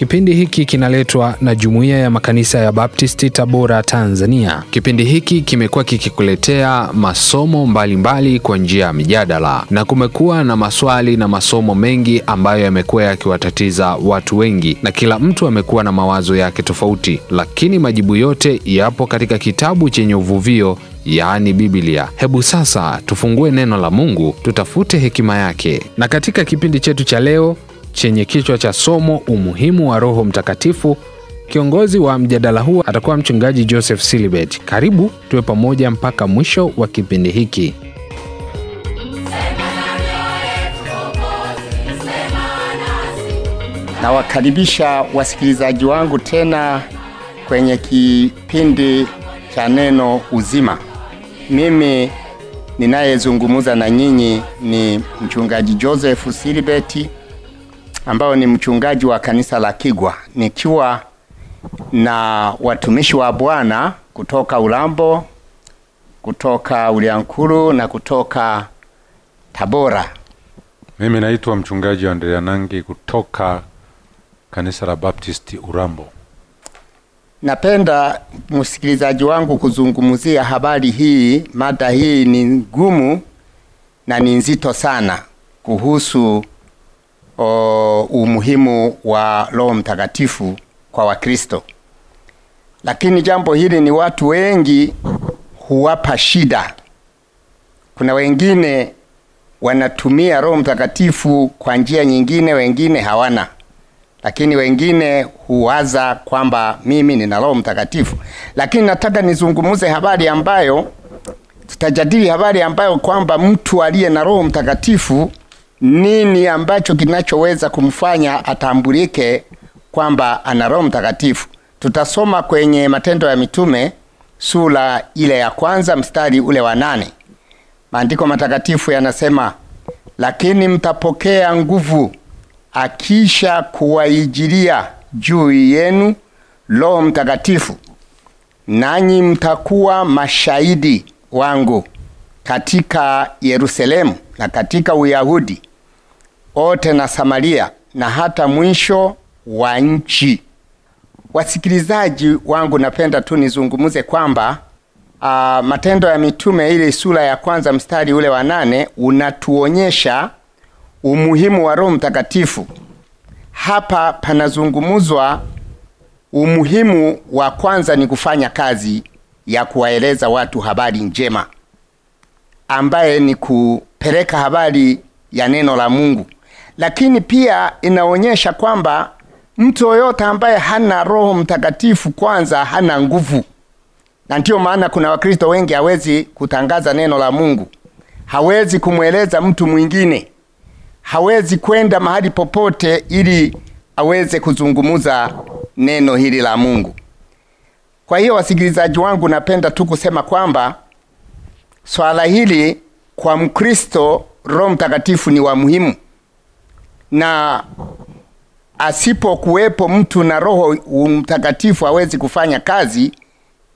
Kipindi hiki kinaletwa na Jumuiya ya Makanisa ya Baptisti Tabora, Tanzania. Kipindi hiki kimekuwa kikikuletea masomo mbalimbali kwa njia ya mijadala, na kumekuwa na maswali na masomo mengi ambayo yamekuwa yakiwatatiza watu wengi, na kila mtu amekuwa na mawazo yake tofauti, lakini majibu yote yapo katika kitabu chenye uvuvio yaani Biblia. Hebu sasa tufungue neno la Mungu, tutafute hekima yake. Na katika kipindi chetu cha leo chenye kichwa cha somo umuhimu wa Roho Mtakatifu. Kiongozi wa mjadala huo atakuwa Mchungaji Joseph Silibet. Karibu tuwe pamoja mpaka mwisho wa kipindi hiki. Nawakaribisha wasikilizaji wangu tena kwenye kipindi cha Neno Uzima. Mimi ninayezungumza na nyinyi ni mchungaji josefu Silibeti ambao ni mchungaji wa kanisa la Kigwa, nikiwa na watumishi wa Bwana kutoka Ulambo, kutoka Uliankuru na kutoka Tabora. Mimi naitwa mchungaji Andrea Nangi kutoka kanisa la Baptisti Urambo. Napenda msikilizaji wangu kuzungumzia habari hii. Mada hii ni ngumu na ni nzito sana kuhusu o, umuhimu wa Roho Mtakatifu kwa Wakristo, lakini jambo hili ni watu wengi huwapa shida. Kuna wengine wanatumia Roho Mtakatifu kwa njia nyingine, wengine hawana, lakini wengine huwaza kwamba mimi nina Roho Mtakatifu. Lakini nataka nizungumuze habari ambayo tutajadili, habari ambayo kwamba mtu aliye na Roho Mtakatifu nini ambacho kinachoweza kumfanya atambulike kwamba ana Roho Mtakatifu. Tutasoma kwenye Matendo ya Mitume sura ile ya kwanza mstari ule wa nane. Maandiko matakatifu yanasema, lakini mtapokea nguvu akisha kuwaijilia juu yenu Roho Mtakatifu, nanyi mtakuwa mashahidi wangu katika Yerusalemu na katika Uyahudi wote na Samaria na hata mwisho wa nchi. Wasikilizaji wangu, napenda tu nizungumze kwamba uh, Matendo ya Mitume ile sura ya kwanza mstari ule wa nane unatuonyesha umuhimu wa Roho Mtakatifu. Hapa panazungumuzwa umuhimu wa kwanza ni kufanya kazi ya kuwaeleza watu habari njema, ambaye ni kupeleka habari ya neno la Mungu lakini pia inaonyesha kwamba mtu yoyote ambaye hana Roho Mtakatifu kwanza hana nguvu, na ndiyo maana kuna Wakristo wengi hawezi kutangaza neno la Mungu, hawezi kumweleza mtu mwingine, hawezi kwenda mahali popote ili aweze kuzungumuza neno hili la Mungu. Kwa hiyo, wasikilizaji wangu, napenda tu kusema kwamba swala hili kwa Mkristo Roho Mtakatifu ni wa muhimu na asipokuwepo mtu na Roho Mtakatifu hawezi kufanya kazi,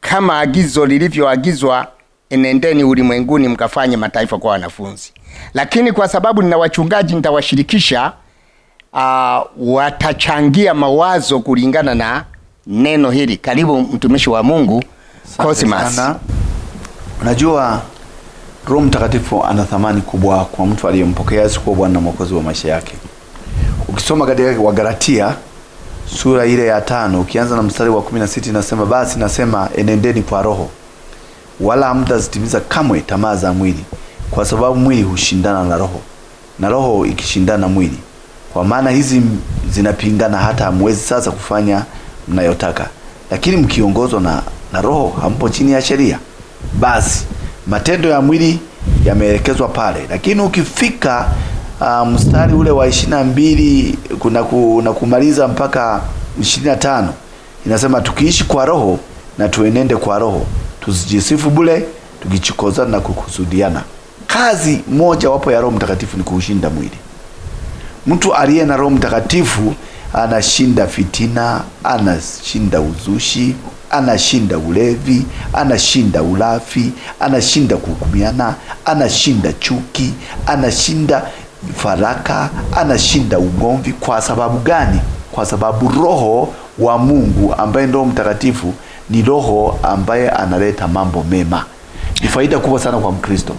kama agizo lilivyoagizwa, enendeni ulimwenguni mkafanye mataifa kwa wanafunzi. Lakini kwa sababu nina wachungaji, nitawashirikisha uh, watachangia mawazo kulingana na neno hili. Karibu mtumishi wa Mungu Cosmas. Unajua, Roho Mtakatifu ana thamani kubwa kwa mtu aliyempokea Yesu kuwa Bwana na Mwokozi wa maisha yake ukisoma katika Wagalatia sura ile ya tano ukianza na mstari wa kumi na sita inasema basi nasema enendeni kwa roho, wala hamtazitimiza kamwe tamaa za mwili, kwa sababu mwili hushindana na roho, na roho ikishindana na mwili, kwa maana hizi zinapingana, hata hamwezi sasa kufanya mnayotaka. Lakini mkiongozwa na, na roho hampo chini ya sheria. Basi matendo ya mwili yameelekezwa pale, lakini ukifika uh, mstari ule wa ishirini na mbili na kumaliza mpaka ishirini na tano inasema tukiishi kwa roho na tuenende kwa roho, tusijisifu bule, tukichokozana na kukusudiana. Kazi moja wapo ya Roho Mtakatifu ni kuushinda mwili. Mtu aliye na Roho Mtakatifu anashinda fitina, anashinda uzushi, anashinda ulevi, anashinda ulafi, anashinda kuhukumiana, anashinda chuki, anashinda faraka, anashinda ugomvi. Kwa sababu gani? Kwa sababu Roho wa Mungu ambaye ndio Mtakatifu ni roho ambaye analeta mambo mema. Ni faida kubwa sana kwa Mkristo,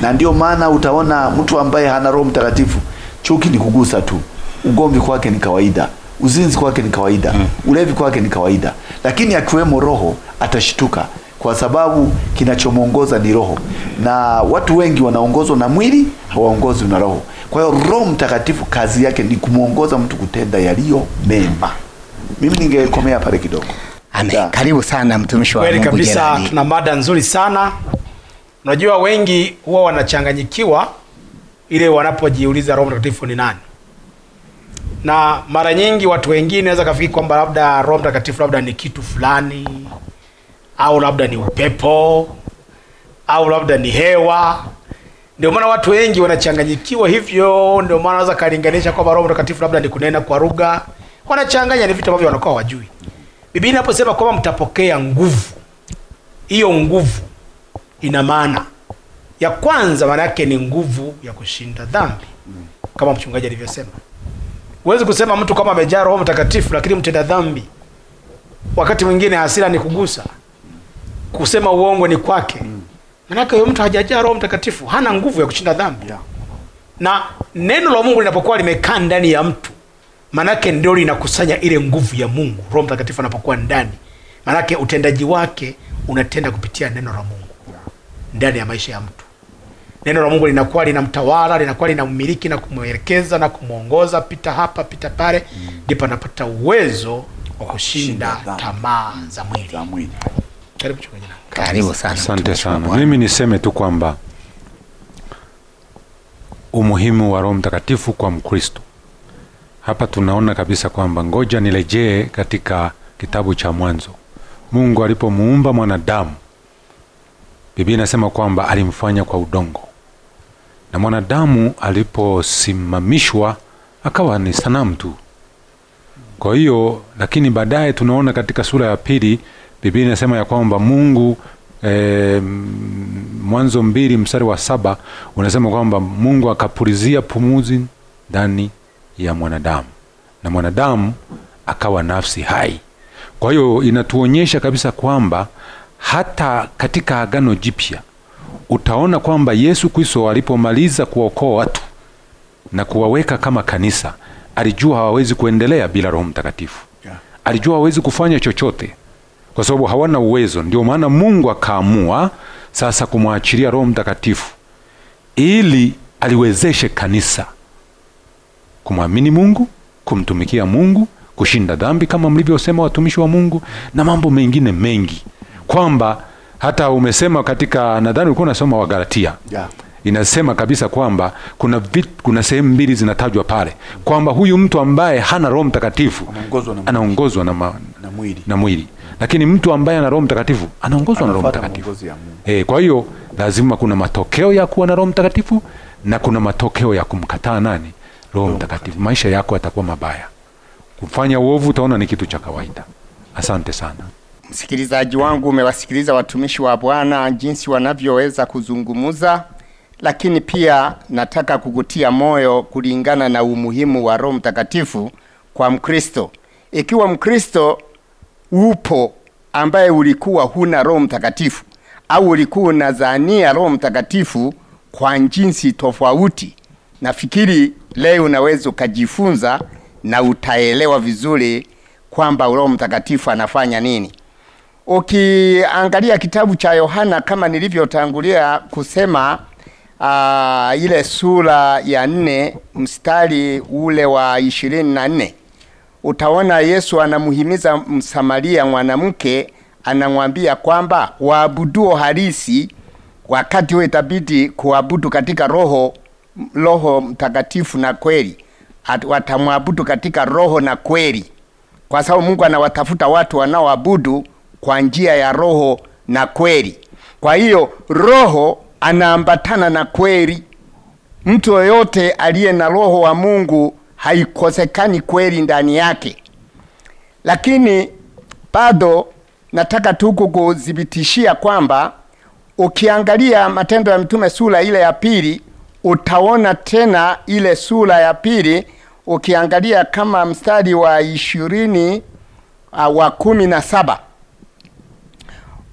na ndio maana utaona mtu ambaye hana Roho Mtakatifu, chuki ni kugusa tu, ugomvi kwake ni kawaida, uzinzi kwake ni kawaida, hmm. ulevi kwake ni kawaida, lakini akiwemo Roho atashituka kwa sababu kinachomwongoza ni roho, na watu wengi wanaongozwa na mwili, hawaongozwi na roho. Kwa hiyo Roho Mtakatifu kazi yake ni kumwongoza mtu kutenda yaliyo mema. Mimi ningekomea pale kidogo. Amen. Karibu sana mtumishi wa Mungu. Kweli kabisa, tuna mada nzuri sana. Unajua, wengi huwa wanachanganyikiwa ile wanapojiuliza Roho Mtakatifu ni nani, na mara nyingi watu wengine naweza kafikiri kwamba labda Roho Mtakatifu labda ni kitu fulani, au labda ni upepo, au labda ni hewa, ndio maana watu wengi wanachanganyikiwa hivyo, ndio maana wanaweza kalinganisha kwamba Roho Mtakatifu labda ni kunena kwa lugha, wanachanganya, ni vitu ambavyo wanakuwa wajui. Biblia inaposema kwamba mtapokea nguvu, hiyo nguvu ina maana ya kwanza, maana yake ni nguvu ya kushinda dhambi, kama mchungaji alivyosema. Huwezi kusema mtu kama amejaa Roho Mtakatifu lakini mtenda dhambi. Wakati mwingine hasira ni kugusa, kusema uongo ni kwake mm. Manake huyo mtu hajajaa Roho Mtakatifu, hana nguvu ya kushinda dhambi yeah. Na neno la Mungu linapokuwa limekaa ndani ya mtu, manake ndio linakusanya ile nguvu ya Mungu. Roho Mtakatifu anapokuwa ndani, manake utendaji wake unatenda kupitia neno la Mungu ndani ya maisha ya mtu. Neno la Mungu linakuwa linamtawala, linakuwa linamiliki na kumwelekeza na kumwongoza, pita hapa, pita pale, ndipo mm. anapata uwezo wa kushinda tamaa za mwili. Karibu Karibu sana. Asante sana. Mimi niseme tu kwamba umuhimu wa Roho Mtakatifu kwa Mkristo. Hapa tunaona kabisa kwamba ngoja nirejee katika kitabu cha Mwanzo. Mungu alipomuumba mwanadamu, Biblia inasema kwamba alimfanya kwa udongo, na mwanadamu aliposimamishwa akawa ni sanamu tu. Kwa hiyo, lakini baadaye tunaona katika sura ya pili Biblia inasema ya kwamba Mungu E, Mwanzo mbili mstari wa saba unasema kwamba Mungu akapulizia pumuzi ndani ya mwanadamu na mwanadamu akawa nafsi hai. Kwa hiyo inatuonyesha kabisa kwamba hata katika Agano Jipya utaona kwamba Yesu Kristo alipomaliza kuwaokoa watu na kuwaweka kama kanisa, alijua hawawezi kuendelea bila Roho Mtakatifu, alijua hawawezi kufanya chochote kwa sababu hawana uwezo. Ndio maana Mungu akaamua sasa kumwachilia Roho Mtakatifu ili aliwezeshe kanisa kumwamini Mungu, kumtumikia Mungu, kushinda dhambi kama mlivyosema watumishi wa Mungu na mambo mengine mengi, kwamba hata umesema katika, nadhani ulikuwa unasoma Wagalatia yeah. Inasema kabisa kwamba kuna, kuna sehemu mbili zinatajwa pale kwamba huyu mtu ambaye hana Roho Mtakatifu anaongozwa na, na mwili, na mwili. Lakini mtu ambaye ana Roho Mtakatifu anaongozwa na Roho Mtakatifu e, kwa hiyo lazima kuna matokeo ya kuwa na Roho Mtakatifu na kuna matokeo ya kumkataa nani? Roho Mtakatifu. Maisha yako yatakuwa mabaya, kufanya uovu utaona ni kitu cha kawaida. Asante sana msikilizaji wangu, umewasikiliza watumishi wa Bwana jinsi wanavyoweza kuzungumza lakini pia nataka kukutia moyo kulingana na umuhimu wa Roho Mtakatifu kwa Mkristo. Ikiwa Mkristo upo ambaye ulikuwa huna Roho Mtakatifu au ulikuwa unazania Roho Mtakatifu kwa jinsi tofauti. Nafikiri leo unaweza ukajifunza na utaelewa vizuri kwamba Roho Mtakatifu anafanya nini. Ukiangalia kitabu cha Yohana kama nilivyotangulia kusema, uh, ile sura ya nne mstari ule wa ishirini na nne utaona Yesu anamhimiza Msamaria mwanamke, anamwambia kwamba waabuduo halisi, wakati huo itabidi kuabudu katika roho roho Mtakatifu na kweli, watamwabudu katika roho na kweli, kwa sababu Mungu anawatafuta watu wanaoabudu kwa njia ya roho na kweli. Kwa hiyo roho anaambatana na kweli. Mtu yoyote aliye na roho wa Mungu haikosekani kweli ndani yake, lakini bado nataka tu kukuthibitishia kwamba ukiangalia Matendo ya Mitume sura ile ya pili utaona tena ile sura ya pili ukiangalia kama mstari wa ishirini uh, wa kumi na saba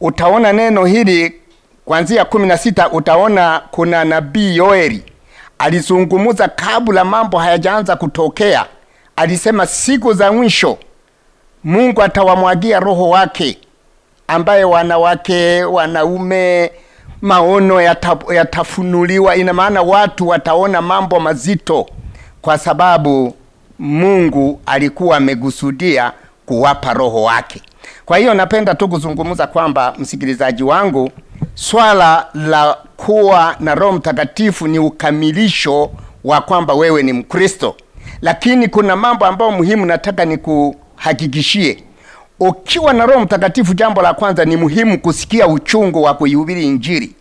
utaona neno hili kuanzia kumi na sita utaona kuna nabii Yoeli alizungumuza kabla mambo hayajaanza kutokea. Alisema siku za mwisho Mungu atawamwagia roho wake, ambaye wanawake, wanaume, maono yatafunuliwa. Ina maana watu wataona mambo mazito, kwa sababu Mungu alikuwa amegusudia kuwapa roho wake. Kwa hiyo napenda tu kuzungumza kwamba msikilizaji wangu swala la kuwa na Roho Mtakatifu ni ukamilisho wa kwamba wewe ni Mkristo, lakini kuna mambo ambayo muhimu nataka nikuhakikishie. Ukiwa na Roho Mtakatifu, jambo la kwanza ni muhimu kusikia uchungu wa kuihubiri Injili,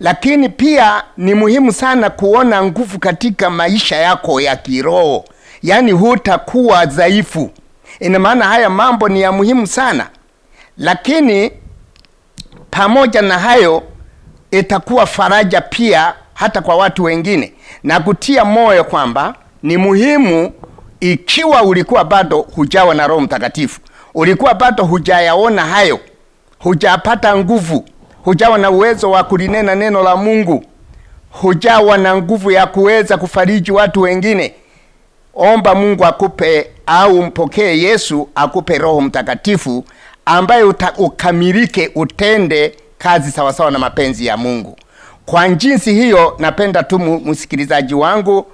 lakini pia ni muhimu sana kuona nguvu katika maisha yako ya kiroho, yaani hutakuwa dhaifu. Ina maana haya mambo ni ya muhimu sana, lakini pamoja na hayo, itakuwa faraja pia hata kwa watu wengine na kutia moyo kwamba ni muhimu, ikiwa ulikuwa bado hujawa na Roho Mtakatifu, ulikuwa bado hujayaona hayo, hujapata nguvu, hujawa na uwezo wa kulinena neno la Mungu, hujawa na nguvu ya kuweza kufariji watu wengine, omba Mungu akupe au mpokee Yesu akupe Roho Mtakatifu ambaye uta, ukamilike utende kazi sawasawa na mapenzi ya Mungu. Kwa jinsi hiyo, napenda tu msikilizaji wangu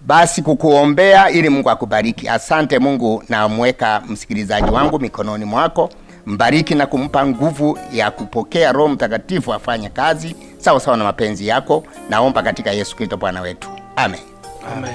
basi kukuombea ili Mungu akubariki. Asante Mungu, namweka msikilizaji wangu mikononi mwako, mbariki na kumpa nguvu ya kupokea Roho Mtakatifu afanye kazi sawasawa sawa na mapenzi yako. Naomba katika Yesu Kristo Bwana wetu, amen, amen.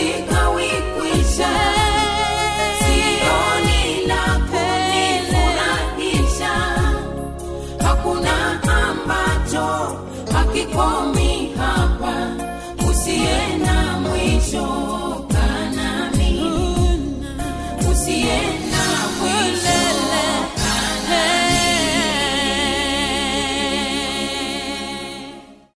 Because